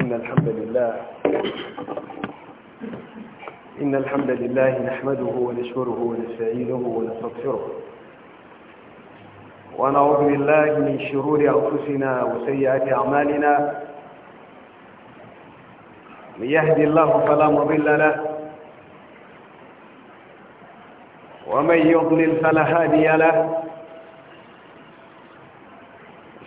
إن الحمد لله إن الحمد لله نحمده ونشكره ونستعينه ونستغفره ونعوذ بالله من شرور أنفسنا وسيئات أعمالنا من يهدي الله فلا مضل له ومن يضلل فلا هادي له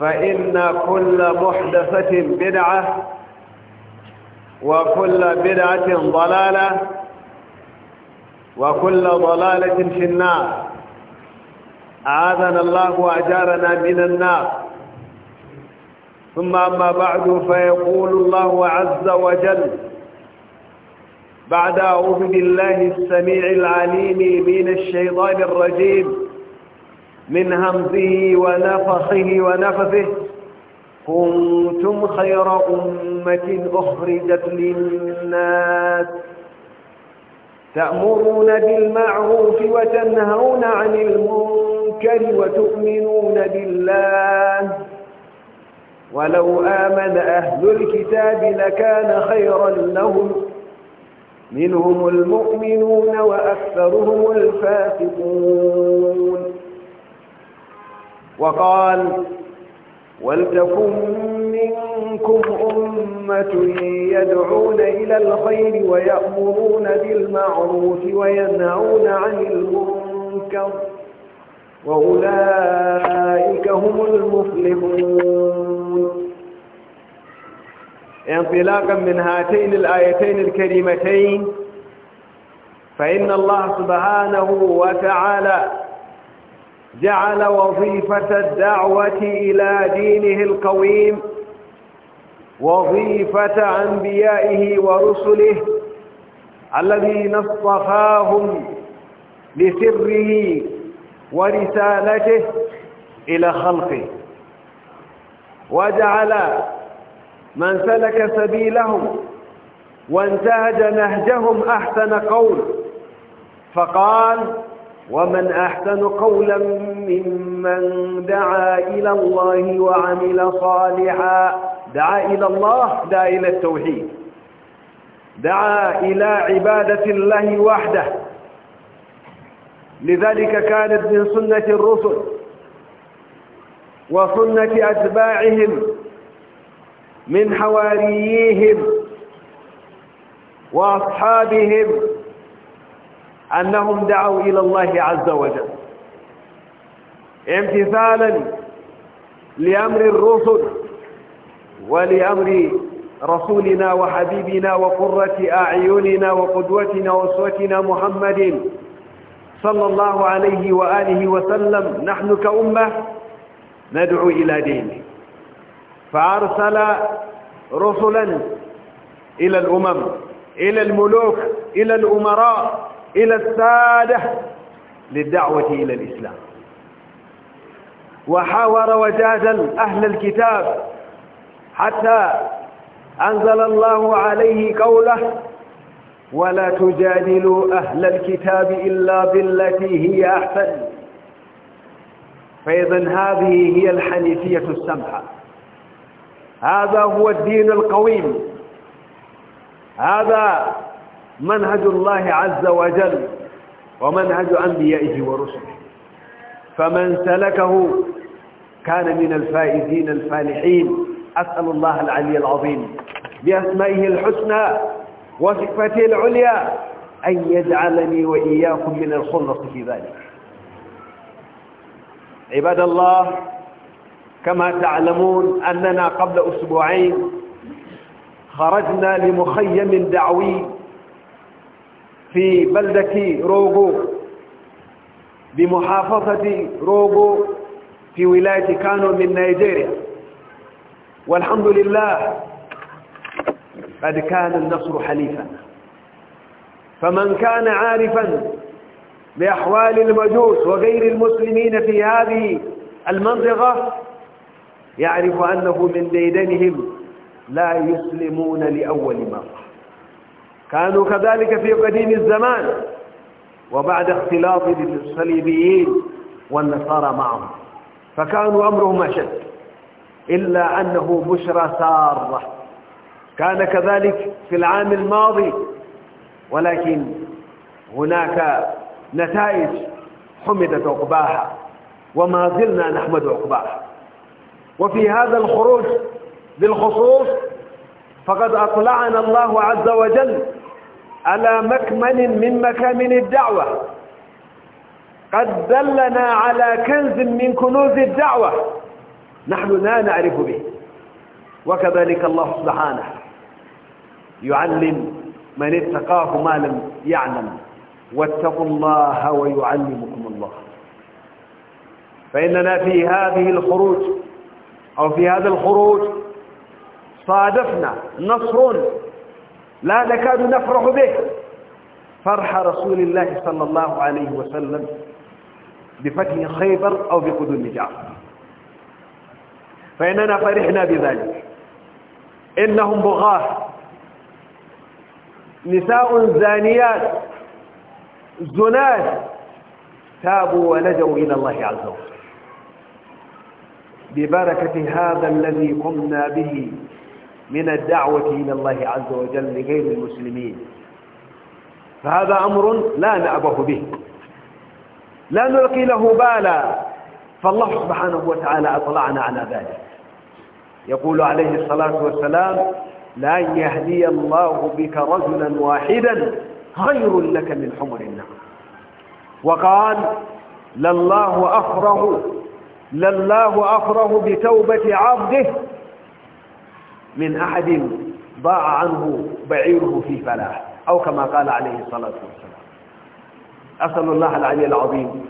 فإن كل محدثة بدعة وكل بدعة ضلالة وكل ضلالة في النار أعاذنا الله وأجارنا من النار ثم أما بعد فيقول الله عز وجل بعد أعوذ بالله السميع العليم من الشيطان الرجيم من همزه ونفخه ونفثه كنتم خير أمة أخرجت للناس تأمرون بالمعروف وتنهون عن المنكر وتؤمنون بالله ولو آمن أهل الكتاب لكان خيرا لهم منهم المؤمنون وأكثرهم الفاسقون وقال ولتكن منكم أمة يدعون إلى الخير ويأمرون بالمعروف وينهون عن المنكر وأولئك هم المفلحون انطلاقا من هاتين الآيتين الكريمتين فإن الله سبحانه وتعالى جعل وظيفة الدعوة إلى دينه القويم وظيفة أنبيائه ورسله الذين اصطفاهم لسره ورسالته إلى خلقه وجعل من سلك سبيلهم وانتهج نهجهم أحسن قول فقال ومن أحسن قولا ممن دعا إلى الله وعمل صالحا دعا إلى الله دعا إلى التوحيد دعا إلى عبادة الله وحده لذلك كانت من سنة الرسل وسنة أتباعهم من حواريهم وأصحابهم أنهم دعوا إلى الله عز وجل امتثالا لأمر الرسل ولأمر رسولنا وحبيبنا وقرة أعيننا وقدوتنا وأسوتنا محمد صلى الله عليه وآله وسلم نحن كأمة ندعو إلى دينه فأرسل رسلا إلى الأمم إلى الملوك إلى الأمراء إلى السادة للدعوة إلى الإسلام وحاور وجادل أهل الكتاب حتى أنزل الله عليه قوله ولا تجادلوا أهل الكتاب إلا بالتي هي أحسن فإذا هذه هي الحنيفية السمحة هذا هو الدين القويم هذا منهج الله عز وجل ومنهج أنبيائه ورسله فمن سلكه كان من الفائزين الفالحين أسأل الله العلي العظيم بأسمائه الحسنى وصفته العليا أن يجعلني وإياكم من الخلص في ذلك عباد الله كما تعلمون أننا قبل أسبوعين خرجنا لمخيم دعوي في بلدة روغو بمحافظة روغو في ولاية كانو من نيجيريا والحمد لله قد كان النصر حليفا فمن كان عارفا بأحوال المجوس وغير المسلمين في هذه المنطقة يعرف أنه من ديدنهم لا يسلمون لأول مرة كانوا كذلك في قديم الزمان وبعد اختلاط الصليبيين والنصارى معهم فكانوا أمرهم أشد إلا أنه بشرى سارة كان كذلك في العام الماضي ولكن هناك نتائج حمدت عقباها وما زلنا نحمد عقباها وفي هذا الخروج بالخصوص فقد أطلعنا الله عز وجل على مكمن من مكامن الدعوة قد دلنا على كنز من كنوز الدعوة نحن لا نعرف به وكذلك الله سبحانه يعلم من اتقاه ما لم يعلم واتقوا الله ويعلمكم الله فإننا في هذه الخروج أو في هذا الخروج صادفنا نصر لا نكاد نفرح به فرح رسول الله صلى الله عليه وسلم بفتح خيبر أو بقدوم جعفر فإننا فرحنا بذلك إنهم بغاة نساء زانيات زنات تابوا ولجوا إلى الله عز وجل ببركة هذا الذي قمنا به من الدعوة إلى الله عز وجل لغير المسلمين فهذا أمر لا نأبه به لا نلقي له بالا فالله سبحانه وتعالى أطلعنا على ذلك يقول عليه الصلاة والسلام لا يهدي الله بك رجلا واحدا خير لك من حمر النعم وقال لله أفره لله أفره بتوبة عبده من أحد ضاع عنه بعيره في فلاح أو كما قال عليه الصلاة والسلام أسأل الله العلي العظيم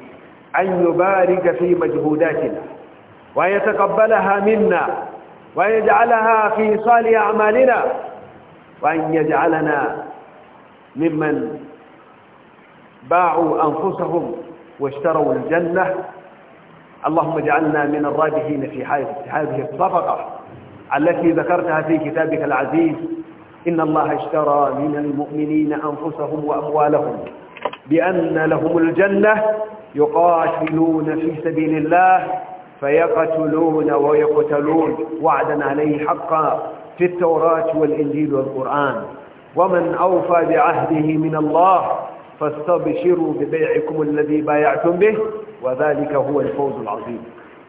أن يبارك في مجهوداتنا ويتقبلها منا ويجعلها في صالح أعمالنا وأن يجعلنا ممن باعوا أنفسهم واشتروا الجنة اللهم اجعلنا من الرابحين في هذه الصفقة التي ذكرتها في كتابك العزيز إن الله اشترى من المؤمنين أنفسهم وأموالهم بأن لهم الجنة يقاتلون في سبيل الله فيقتلون ويقتلون وعدا عليه حقا في التوراة والإنجيل والقرآن ومن أوفى بعهده من الله فاستبشروا ببيعكم الذي بايعتم به وذلك هو الفوز العظيم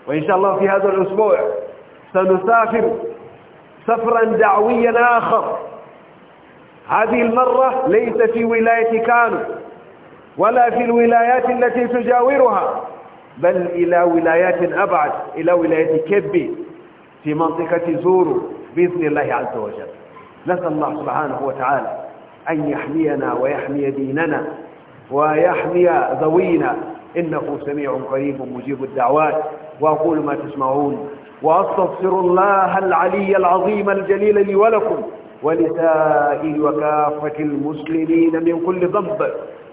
وإن شاء الله في هذا الأسبوع سنسافر سفرا دعويا آخر هذه المرة ليس في ولاية كانو ولا في الولايات التي تجاورها بل إلى ولايات أبعد إلى ولاية كبي في منطقة زورو بإذن الله عز وجل نسأل الله سبحانه وتعالى أن يحمينا ويحمي ديننا ويحمي ذوينا إنه سميع قريب مجيب الدعوات وأقول ما تسمعون وأستغفر الله العلي العظيم الجليل لي ولكم ولسائر وكافة المسلمين من كل ذنب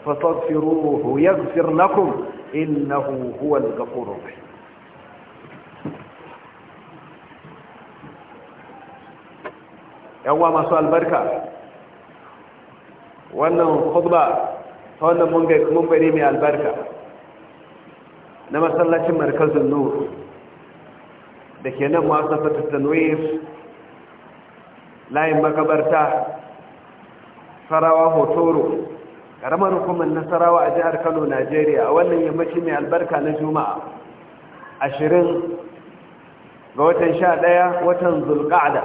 فاستغفروه يغفر لكم إنه هو الغفور الرحيم yawwa masu albarka wannan khutba ta wannan mun bari mai albarka na masallacin markazin nur da ke nan masu tanwir layin makabarta sarawa hotoro ƙaramar hukumar nasarawa a jihar kano najeriya a wannan yammaci mai albarka na juma'a ashirin ga watan sha ɗaya watan zulƙa'ada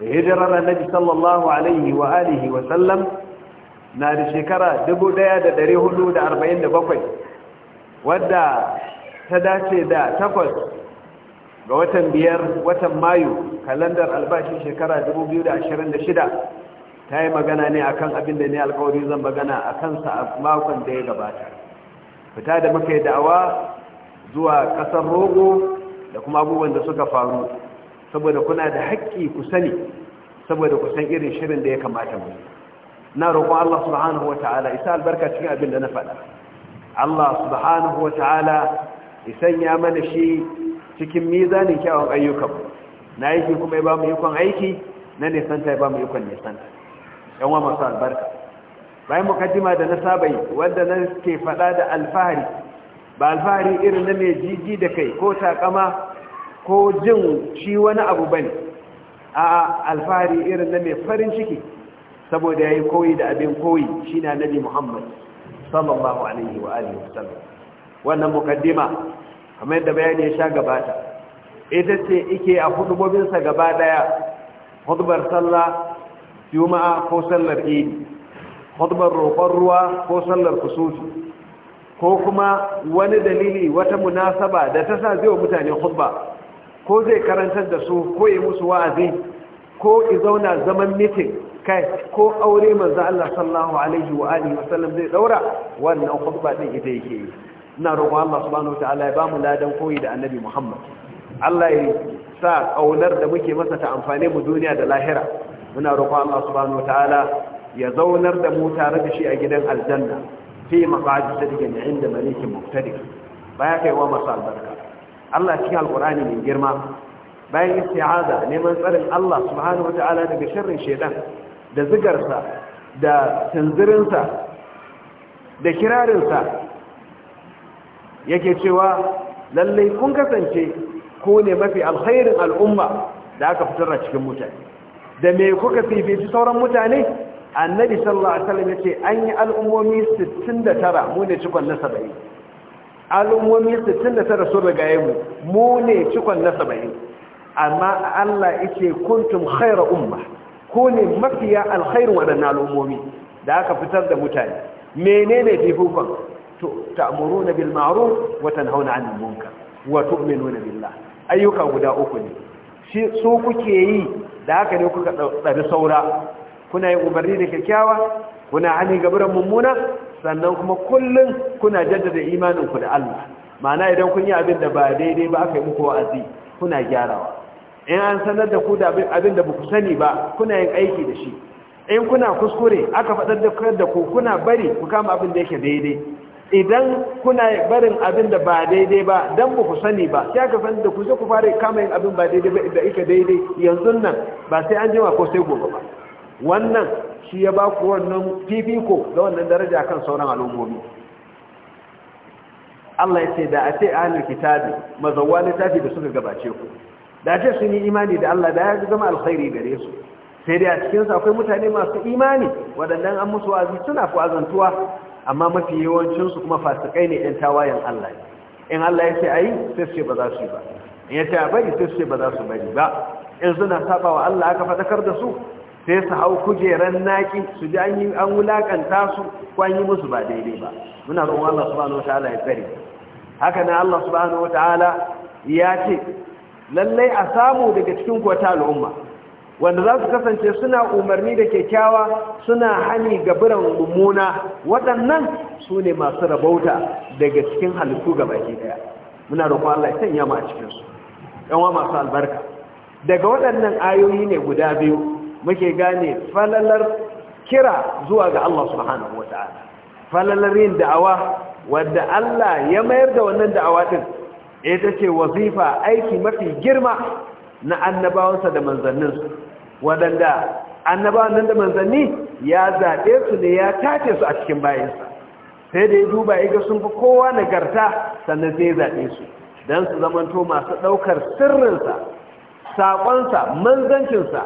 da hijirar annabi sallallahu alaihi wa alihi wa sallam na da shekara bakwai, wadda ta dace da takwas ga watan biyar watan mayu kalandar albashi shekara 2026 ta yi magana ne akan abin da ne alkawari zan magana a kansa a makon da ya gabata fita da muka yi da'awa zuwa kasar rogo da kuma abubuwan da suka faru saboda kuna da haƙƙi ku sani saboda ku san irin shirin da ya kamata mu na roƙon Allah subhanahu wa ta'ala isa albarka cikin abin da na faɗa Allah subhanahu wa ta'ala isan ya mana shi cikin mizanin kyawun ayyukan na aiki kuma ya ba mu ikon aiki na nisanta ya ba mu ikon nisanta yan masu albarka bayan mukaddima da na sabai yi wanda na ke faɗa da alfahari ba alfahari irin na mai jiji da kai ko takama ko jin shi wani abu bane a alfahari irin na mai farin ciki saboda ya yi koyi da abin koyi shi na nabi muhammad sallallahu alaihi wa alihi wasallam wannan mukaddima kamar yadda bayani ya sha gabata ita ce ike a hudubobinsa gaba daya hudubar sallah juma'a ko sallar idi hudubar roƙon ruwa ko sallar kusutu ko kuma wani dalili wata munasaba da ta sa zai wa mutane hudba ko zai karantar da su ko yi musu wa'azi ko zauna zaman mitin kai ko aure manzo Allah sallallahu alaihi wa alihi wasallam zai daura wannan hudba din ita yake yi ina roƙon Allah subhanahu wataala ya bamu ladan koyi da annabi Muhammad Allah ya sa ƙaunar da muke masa ta amfane mu duniya da lahira muna roƙon Allah subhanahu wataala ya zaunar da mu tare da shi a gidan aljanna fi maqadi sadiqin inda malikin muqtadir baya kai wa masa albarka Allah cikin alqur'ani mai girma bayan isti'aza neman tsarin Allah subhanahu wataala daga sharrin shaidan da zigarsa da tanzirinsa da kirarinsa yake cewa lallai kun kasance ko ne mafi alkhairin al'umma da aka fitar da cikin mutane da me kuka fifici sauran mutane annabi sallallahu alaihi wasallam yace an yi al'ummomi 69 mu ne cikon na 70 al'ummomi 69 sun rigaye mu mu ne cikon na 70 amma Allah yace kuntum khayra umma ko ne mafiya alkhairin wadannan al'ummomi da aka fitar da mutane menene fifikon ta'muruna bil ma'ruf wa tanhauna 'anil munkar wa ayyuka guda uku ne shi su kuke yi da haka ne kuka tsari saura kuna yin umarni da kyakkyawa kuna hani gaburan mummuna sannan kuma kullum kuna jaddada imanin ku da Allah ma'ana idan kun yi abin ba daidai ba aka yi muku wa'azi kuna gyarawa in an sanar da ku da abin da baku sani ba kuna yin aiki da shi in kuna kuskure aka faɗar da ku kuna bari ku kama abin da yake daidai idan kuna barin abin da ba daidai ba don ba ku sani ba sai aka san da ku ku fara kama yin abin ba daidai ba da ika daidai yanzu nan ba sai an jima ko sai gobe ba wannan shi ya ba ku wannan fifiko da wannan daraja kan sauran al'ummomi Allah ya ce da a ce ahalin kitabi mazawwa littafi da suka gabace ku da ce sun yi imani da Allah da ya zama alkhairi gare su sai dai a cikin akwai mutane masu imani waɗannan an musu wazi suna ku azantuwa amma mafi yawancin su kuma fasikai ne ɗan tawayen Allah in Allah ya ce ayi sai su ce ba za su yi ba in ya ce a bari sai su ce ba za su bari ba in suna saba wa Allah aka fadakar da su sai su hau kujeran naki su ji an yi an wulakanta su ko an yi musu ba daidai ba muna roƙon Allah subhanahu ya tsare haka nan Allah subhanahu ya ce lallai a samu daga cikin kwata al'umma wanda za su kasance suna umarni da kyakkyawa suna hani ga biran mummuna waɗannan su ne masu rabauta daga cikin halittu ga baki daya muna roƙon Allah ya sanya mu a cikinsu yanwa masu albarka daga waɗannan ayoyi ne guda biyu muke gane falalar kira zuwa ga Allah subhanahu wata'ala falalar yin da'awa wanda Allah ya mayar da wannan da'awa din ita ce wazifa aiki mafi girma na annabawansa da manzanninsu waɗanda annabawan nan da manzanni ya zaɓe su ne ya tace su a cikin bayansa sai da ya duba ya ga sun fi kowa nagarta sannan sai ya zaɓe su don su zamanto masu ɗaukar sirrinsa saƙonsa manzancinsa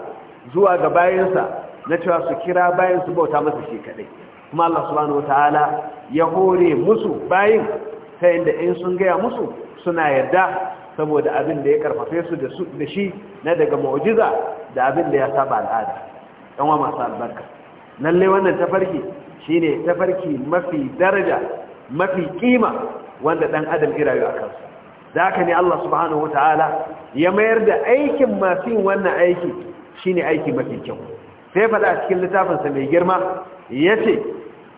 zuwa ga bayansa na cewa su kira bayansu bauta masa shi kaɗai kuma Allah subhanahu wataala ya hore musu bayin ta yadda in sun gaya musu suna yarda saboda abin da ya karfafe su da shi na daga ma'ujiza. da abin da ya saba al'ada yan wa masu albarka lallai wannan tafarki shine tafarki mafi daraja mafi kima wanda ɗan adam irayu a kansu da haka ne Allah subhanahu Ta'ala ya mayar da aikin masu yin wannan aiki shine aiki mafi kyau sai faɗa a cikin littafinsa mai girma ya ce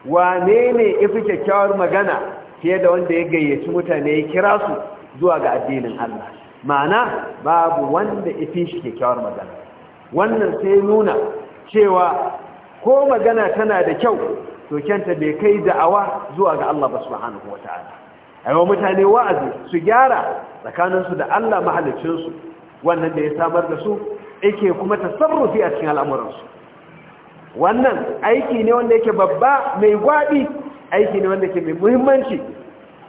wane ne ifi kyakkyawar magana fiye da wanda ya gayyaci mutane ya kira su zuwa ga addinin Allah ma'ana babu wanda ifi shi kyakkyawar magana wannan sai nuna cewa ko magana tana da kyau to kyanta bai kai da'awa zuwa ga Allah ba subhanahu wata'ala ayo mutane wa'azi su gyara tsakaninsu da Allah mahalicinsu, wannan da ya samar da su yake kuma tasarrufi a cikin al'amuransu wannan aiki ne wanda yake babba mai gwaɗi aiki ne wanda ke mai muhimmanci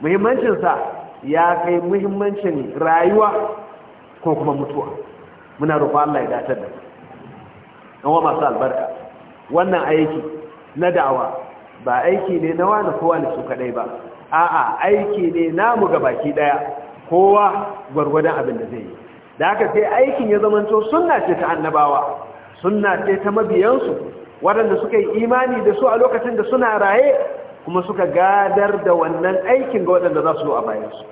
muhimmancinsa ya kai muhimmancin rayuwa ko kuma mutuwa muna roƙon Allah ya datar da mu an masu albarka wannan aiki na da'awa ba aiki ne na wani kowa ne su kadai ba a'a aiki ne namu ga baki daya kowa gwargwadon abin da zai yi da haka sai aikin ya zamanto sunna ce ta annabawa sunna ce ta mabiyansu waɗanda suka yi imani da su a lokacin da suna raye kuma suka gadar da wannan aikin ga waɗanda za su zo a bayansu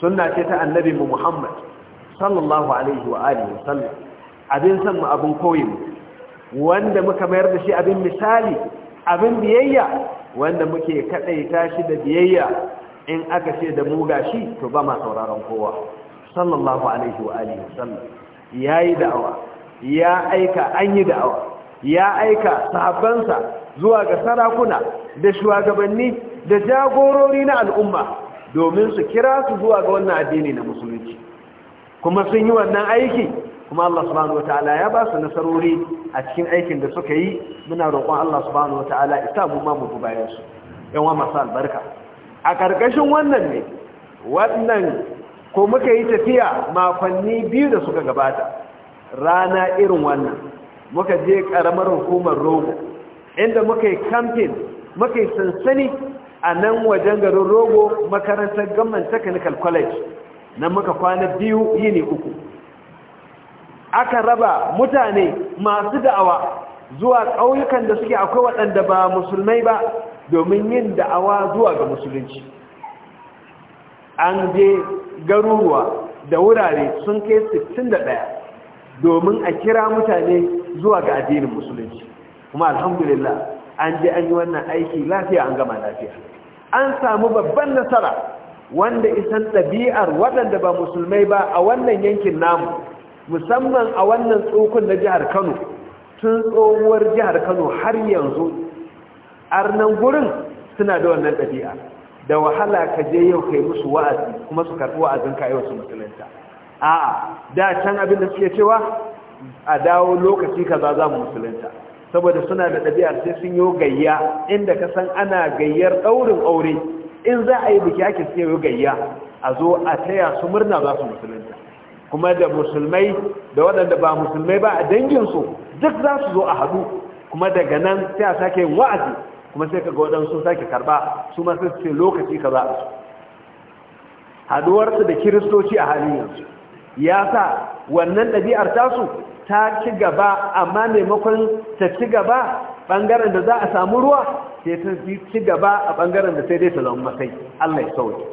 sunna ce ta annabi mu Muhammad sallallahu alaihi wa alihi wasallam abin san mu abin koyi mu wanda muka mayar da shi abin misali abin biyayya wanda muke kaɗaita shi da biyayya in aka ce da mu gashi to ba ma sauraron kowa sallallahu alaihi wa alihi sallam yayi da'awa ya aika an yi da'awa ya aika sahabbansa zuwa ga sarakuna da shugabanni da jagorori na al'umma domin su kira su zuwa ga wannan addini na musulunci kuma sun yi wannan aiki kuma Allah subhanahu wataala ya ba su nasarori a cikin aikin da suka yi muna roƙon Allah subhanahu wataala isa mu ma mu bi su yan wa masu albarka a karkashin wannan ne wannan ko muka yi tafiya makonni biyu da suka gabata rana irin wannan muka je karamar hukumar rogo inda muka yi campaign muka yi sansani a nan wajen garin rogo makarantar gamman technical college nan muka kwana biyu yini uku aka raba mutane masu da'awa zuwa ƙauyukan da suke akwai waɗanda ba musulmai ba domin yin da'awa zuwa ga musulunci an je garuruwa da wurare sun kai 61 domin a kira mutane zuwa ga addinin musulunci kuma alhamdulillah an je an yi wannan aiki lafiya an gama lafiya an samu babban nasara wanda isan ɗabi'ar waɗanda ba musulmai ba a wannan yankin namu musamman a wannan tsokon na jihar kano tun tsohuwar jihar kano har yanzu arnan gurin suna da wannan ɗabi'a da wahala ka je yau kai musu wa'azi kuma su karɓi wa'azin ka yau su musulunta a'a da can abin da suke cewa a dawo lokaci kaza za mu musulunta saboda suna da ɗabi'a sai sun yi gayya inda ka san ana gayyar ɗaurin aure in za a yi biki ake sai yi gayya a zo a taya su murna za su musulunta kuma da musulmai da waɗanda ba musulmai ba a danginsu duk za su zo a haɗu kuma daga nan sai a sake wa'azi kuma sai ka ga waɗansu sake karɓa su ma ce lokaci ka za a su haɗuwarsu da kiristoci a halin yanzu ya sa wannan ɗabi'ar tasu ta ci gaba amma maimakon ta ci gaba ɓangaren da za a samu ruwa sai ta ci gaba a ɓangaren da sai dai ta zama masai allah ya sauke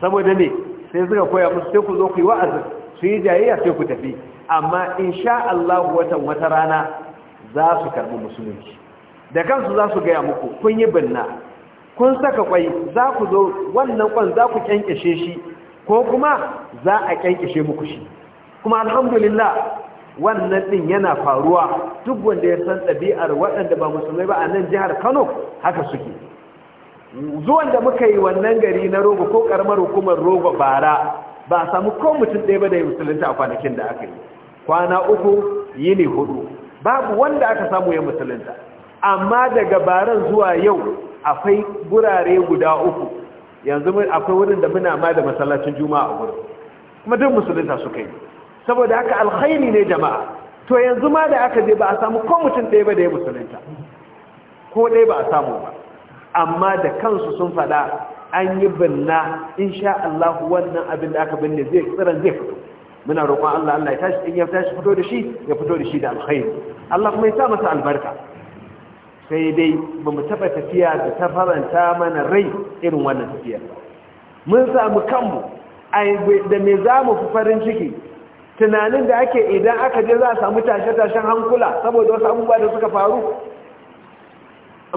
saboda ne sai suka koya musu sai ku zo ku yi wa'azin su yi jayayya sai ku tafi amma in sha Allah watan wata rana za su karbi musulunci da kansu za su gaya muku kun yi binna kun saka kwai za ku zo wannan kwan za ku kyankyashe shi ko kuma za a kyankyashe muku shi kuma alhamdulillah wannan din yana faruwa duk wanda ya san ɗabi'ar waɗanda ba musulmai ba a nan jihar kano haka suke zuwan da muka yi wannan gari na rogo ko ƙaramar hukumar rogo bara ba a samu ko mutum ɗaya ba da ya musulunta a kwanakin da aka yi kwana uku yini hudu babu wanda aka samu ya musulunta amma daga baran zuwa yau akwai gurare guda uku yanzu akwai wurin da muna ma da masallacin juma'a a wurin kuma duk musulunta suka yi saboda haka alkhairi ne jama'a to yanzu ma da aka je ba a samu ko mutum ɗaya ba da ya musulunta ko ɗaya ba a samu ba amma da kansu sun faɗa an yi binna insha Allah wannan abin da aka binne zai tsiran zai fito muna roƙon Allah Allah ya tashi in ya tashi fito da shi ya fito da shi da alkhairi Allah kuma ya sa masa albarka sai dai ba mu tafiya da ta faranta mana rai irin wannan tafiyar mun samu kanmu da me za mu fi farin ciki tunanin da ake idan aka je za a samu tashe-tashen hankula saboda wasu abubuwa da suka faru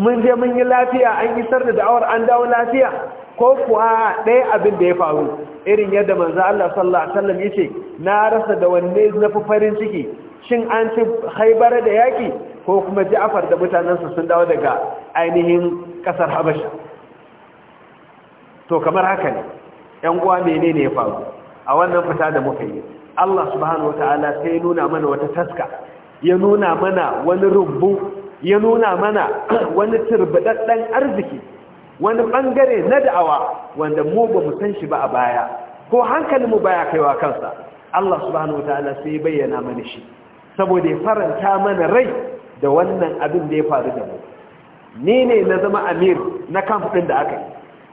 mun je mun yi lafiya an isar da da'awar an dawo lafiya ko kuwa ɗaya abin da ya faru irin yadda manzo Allah sallallahu alaihi wasallam yace na rasa da wanne na fi farin ciki shin an ci Khaibar da yaki ko kuma Ja'far da mutanansa sun dawo daga ainihin ƙasar Habasha to kamar haka ne ƴan uwa menene ya faru a wannan fita da muka yi Allah subhanahu wataala sai ya nuna mana wata taska ya nuna mana wani rubu ya nuna mana wani turbadaddan arziki wani bangare na da'awa wanda mu ba mu san shi ba a baya ko hankalin mu baya kaiwa kansa Allah subhanahu wataala sai ya bayyana mana shi saboda ya faranta mana rai da wannan abin da ya faru da mu ni ne na zama amir na kamfanin da aka yi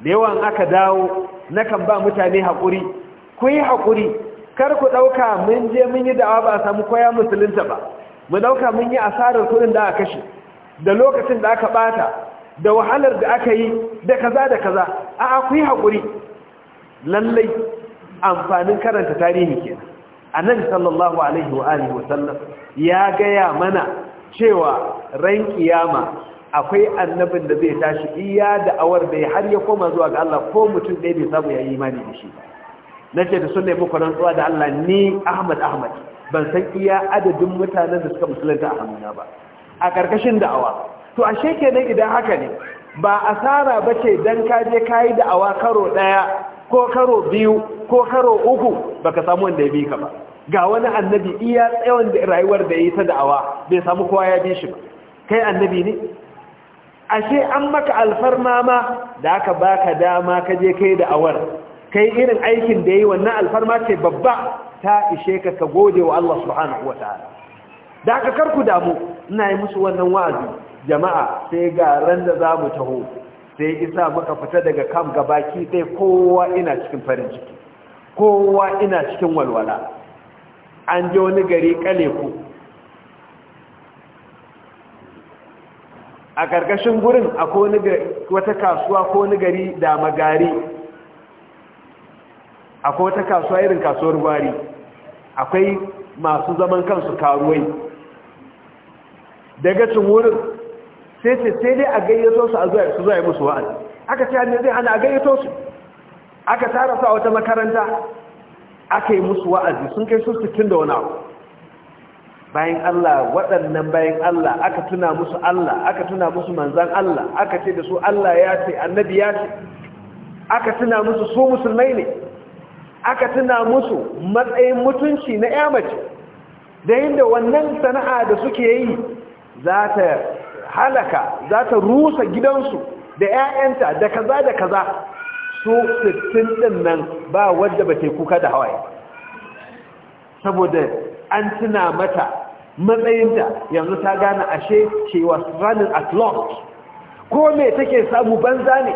da yawan aka dawo na kan ba mutane hakuri, ku yi haƙuri kar ku ɗauka mun je mun yi da'awa ba a samu koya musulunta ba mu ɗauka mun yi asarar kuɗin da aka kashe da lokacin da aka ɓata da wahalar da aka yi da kaza da kaza a akwai haƙuri lallai amfanin karanta tarihi kenan Anan sallallahu alaihi wa alihi ya gaya mana cewa ran kiyama akwai annabin da zai tashi iya da awar da ya har ya koma zuwa ga Allah ko mutum ɗaya bai samu ya yi imani da shi nace da sunne muku rantsuwa da Allah ni Ahmad Ahmad ban san iya adadin mutanen da suka musulunta a hannuna ba a ƙarƙashin da'awa to ashe kenan idan haka ne ba asara ba ce don kaje kayi da awa karo ɗaya ko karo biyu ko karo uku ba ka samu wanda ya bi ka ba ga wani annabi iya tsayon rayuwar da ya yi ta awa bai samu kowa ya bi shi ba kai annabi ne ashe an maka alfarma ma da aka baka dama kaje kai da awar. kai irin aikin da ya yi wannan alfarma ce babba ta ishe ka ka gode wa Allah subhanahu ta'ala da aka karku damu ina yi musu wannan wa'azi jama'a sai ga ran da za mu taho sai isa muka fita daga kam gabaki sai kowa ina cikin farin ciki kowa ina cikin walwala an je wani gari kale ku a ƙarƙashin gurin akwai wata kasuwa ko wani gari da magari akwai wata kasuwa irin kasuwar gwari akwai masu zaman kansu karuwai daga cin wurin sai ce sai dai a gayyato su a zuwa su zuwa musu wa'azi aka ce zai ana a gayyato su aka tara su a wata makaranta aka yi musu wa'azi sun kai su cikin da wani abu bayan Allah waɗannan bayan Allah aka tuna musu Allah aka tuna musu manzan Allah aka ce da su Allah ya ce annabi ya ce aka tuna musu su musulmai ne aka tuna musu matsayin mutunci na yamace da yadda wannan sana'a da suke yi za ta halaka za ta rusa gidansu da 'ya'yanta da kaza da kaza su sittin ɗin nan ba wadda ba kuka da hawaye saboda an tuna mata matsayinta yanzu ta gane ashe she was running at large ko me take samu banza ne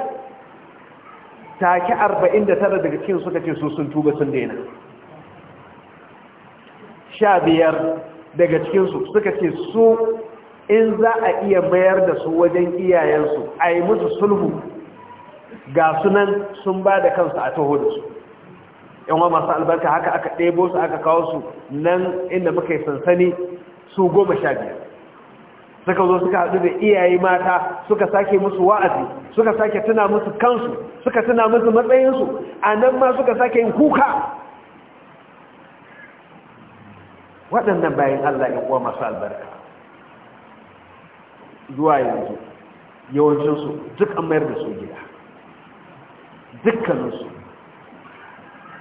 take 49 daga cikin suka ce sun tuba sun daina Sha biyar daga cikinsu suka ce su in za a iya mayar da su wajen iyayensu a yi musu sulhu ga sunan sun ba da kansu a taho da su yanwa masu albarka haka aka ɗebo su aka kawo su nan inda muka yi sansani su goma sha biyar suka zo suka haɗu da iyaye mata suka sake musu wa'azi suka sake tuna musu kansu suka tuna musu matsayinsu a nan ma suka sake yin kuka waɗannan bayan allah yan uwa masu albarka zuwa yanzu yawancinsu duk an mayar da su gida dukkaninsu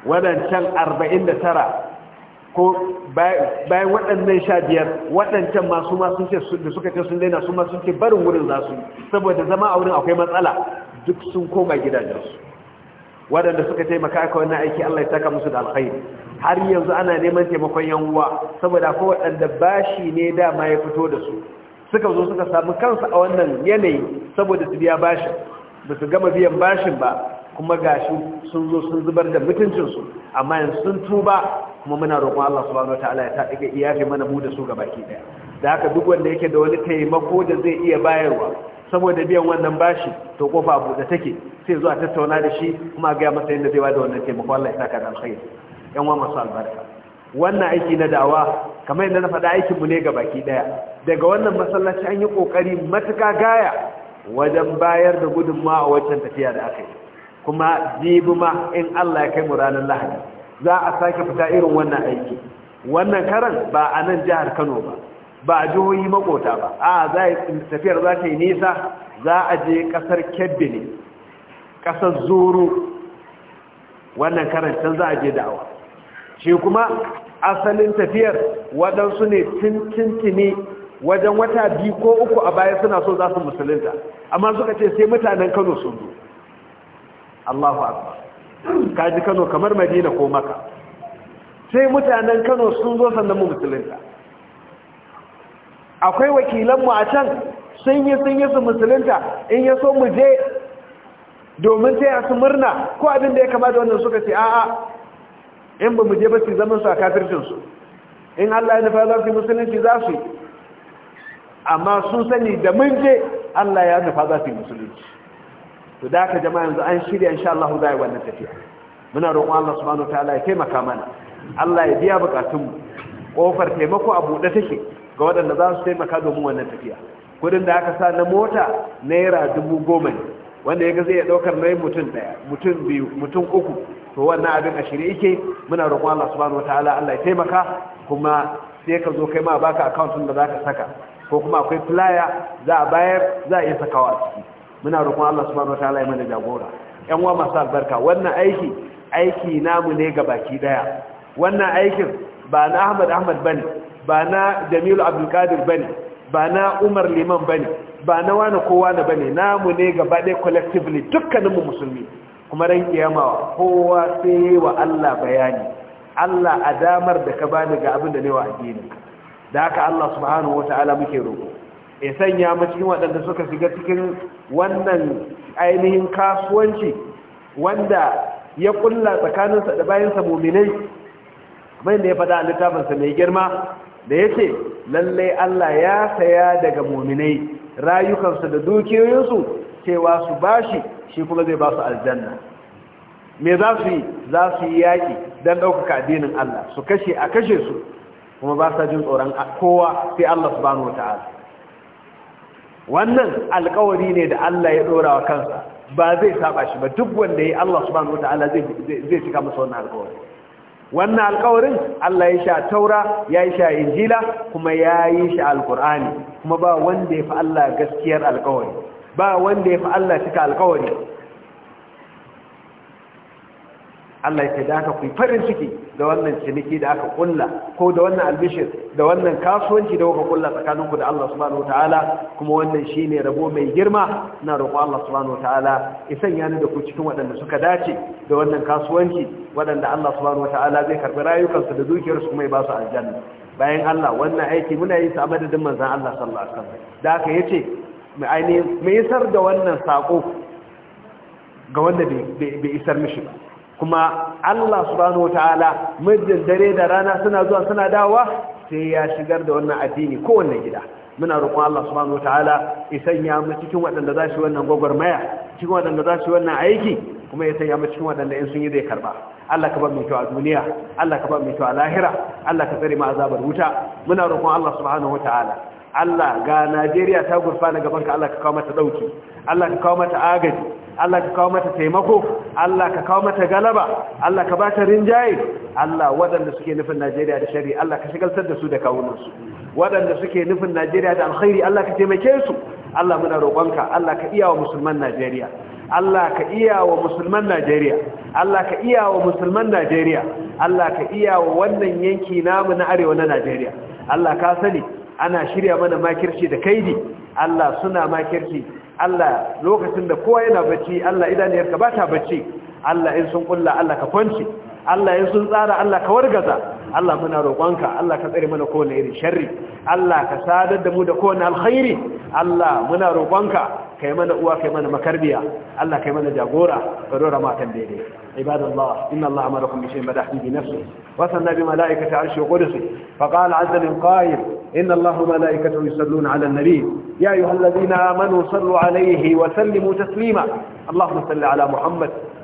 waɗancan 49 ko bayan waɗannan sha biyar waɗancan masu masu ce da suka ce sun daina su masu ce barin wurin za su saboda zama a wurin akwai matsala duk sun koma gidajensu waɗanda suka taimaka aka wannan aiki Allah ya taka musu da alkhairi har yanzu ana neman taimakon yan uwa saboda ko waɗanda bashi ne dama ya fito da su suka zo suka samu kansu a wannan yanayi saboda su biya bashin ba su gama biyan bashin ba kuma gashi sun zo sun zubar da mutuncinsu amma yanzu sun tuba kuma muna roƙon Allah subhanahu wataala ya taɗiga iyafe mana mu da su baki ɗaya da haka duk wanda yake da wani taimako da zai iya bayarwa saboda biyan wannan bashi to kofa abu da take sai zuwa tattauna da shi kuma a gaya masa yadda zai ba da wannan taimako Allah ya saka da alkhairi yan wa masu albarka wannan aiki na dawa kamar yadda na faɗa aikinmu ne ga baki ɗaya daga wannan masallaci an yi ƙoƙari matuƙa gaya wajen bayar da gudunma a waccan tafiya da aka yi kuma jibi ma in Allah ya kai mu ranar lahadi za a sake fita irin wannan aiki wannan karan ba a nan jihar Kano ba ba a jihohi makota ba a za tafiyar za ta yi nisa za a je ƙasar Kebbi ne ƙasar Zuru wannan karan can za a je da'awa shi kuma asalin tafiyar waɗansu ne tuntuntuni wajen wata biyu ko uku a baya suna so za su musulunta amma suka ce sai mutanen kano sun zo allahu akbar ka ji kano kamar madina ko maka sai mutanen kano sun zo sannan mu musulunta akwai wakilanmu a can sun yi sun yi su musulunta in ya so mu je domin taya su murna ko abin da ya kamata wannan suka ce a'a in ba mu je ba su zaman su a kafircinsu in Allah ya nufa za musulunci za su amma sun sani da mun je Allah ya nufa za su musulunci to da haka jama'a yanzu an shirya insha Allah za yi wannan tafiya muna roƙon Allah subhanahu ta'ala ya taimaka mana Allah ya biya bukatun mu kofar taimako a buɗe take ga waɗanda za su taimaka domin wannan tafiya kudin da aka sa na mota naira dubu goma ne wanda ya ga zai ɗaukar nai mutum ɗaya mutum biyu mutum uku to wannan abin a shirye yake muna roƙon Allah subhanahu wataala Allah ya taimaka kuma sai ka zo kai ma baka din da zaka saka ko kuma akwai flyer za a bayar za a iya sakawa a ciki muna roƙon Allah subhanahu wataala ya mana jagora yan uwa masu albarka wannan aiki aiki namu ne ga baki daya wannan aikin ba na Ahmad Ahmad bane ba na Jamilu Abdulkadir bane ba na Umar Liman bane ba na wani kowa na bane namu ne gaba ɗaya collectively dukkaninmu musulmi kuma ran kiyama kowa sai yi wa Allah bayani Allah a damar da ka bani ga abin da ne wa addini da haka Allah subhanahu wataala muke roƙo E sanya mu cikin waɗanda suka shiga cikin wannan ainihin kasuwanci wanda ya kulla tsakaninsa da bayansa muminai bayan da ya faɗa a littafinsa mai girma da yace ce lallai Allah ya saya daga muminai rayukansu da dukiyoyinsu cewa su bashi shi kuma zai ba su aljanna me za su yi za su yi yaƙi don ɗaukaka addinin Allah su kashe a kashe su kuma ba sa jin tsoron kowa sai Allah su wata wata'ala wannan alkawari ne da Allah ya ɗora wa kansa ba zai saba shi ba duk wanda ya Allah wata al'a zai cika masa wannan alkawari wannan alkawarin Allah ya sha taura ya sha injila kuma ya yi sha alkur'ani kuma ba wanda ya fi Allah gaskiyar alkawari ba wanda ya fi Allah cika alkawari Allah ya ce da haka kuyi farin ciki da wannan ciniki da aka kulla ko da wannan albishir da wannan kasuwanci da kuka kulla tsakaninku da Allah subhanahu wataala kuma wannan shine rabo mai girma na roƙo Allah subhanahu wataala ya sanya da ku cikin waɗanda suka dace da wannan kasuwanci waɗanda Allah subhanahu wataala zai karɓi rayukansu da dukiyarsu kuma ya ba su aljanna bayan Allah wannan aiki muna yin sa a madadin manzon Allah sallallahu alaihi wasallam da aka yace ce ainihin mai isar da wannan sako ga wanda bai isar mishi ba kuma Allah subhanahu wataala mijin dare da rana suna zuwa suna dawa sai ya shigar da wannan addini kowanne gida muna roƙon Allah subhanahu wataala ya sanya mu cikin waɗanda za su wannan gwagwarmaya cikin waɗanda za su wannan aiki kuma ya sanya mu cikin waɗanda in sun yi zai karba Allah ka ba mu kyau a duniya Allah ka ba mu kyau a lahira Allah ka tsare mu azabar wuta muna roƙon Allah subhanahu wataala Allah ga Najeriya ta gurfana gaban ka Allah ka kawo mata dauki Allah ka kawo mata agaji Allah ka kawo mata taimako Allah ka kawo mata galaba Allah ka ba ta rinjaye Allah waɗanda suke nufin Najeriya da shari'a Allah ka shigaltar da su da kawunansu waɗanda suke nufin Najeriya da alkhairi Allah ka taimake su Allah muna roƙonka Allah ka iya wa musulman Najeriya Allah ka iya wa musulman Najeriya Allah ka iya wa musulman Najeriya Allah ka iya wa wannan yanki namu na arewa na Najeriya Allah ka sani ana shirya mana makirci da kaidi Allah suna makirci Allah lokacin da kowa yana bacci Allah idaniyarka ba ta bacci Allah in sun kulla Allah ka kwanci Allah in sun tsara Allah ka wargaza Allah muna roƙonka Allah ka tsare mana kowane irin sharri Allah ka sadar da mu da kowane alkhairi Allah muna roƙonka kai mana uwa kai mana makarbiya Allah kai mana jagora ka dora matan daidai ibadallah inna Allah amarakum bi shay'in badahi bi nafsihi wa sanna bi malaikati arshi qudusi fa qala azza min qa'il inna Allah wa malaikatahu yusalluna 'ala an-nabi ya ayyuhalladhina amanu sallu 'alayhi wa sallimu taslima اللهم صل على محمد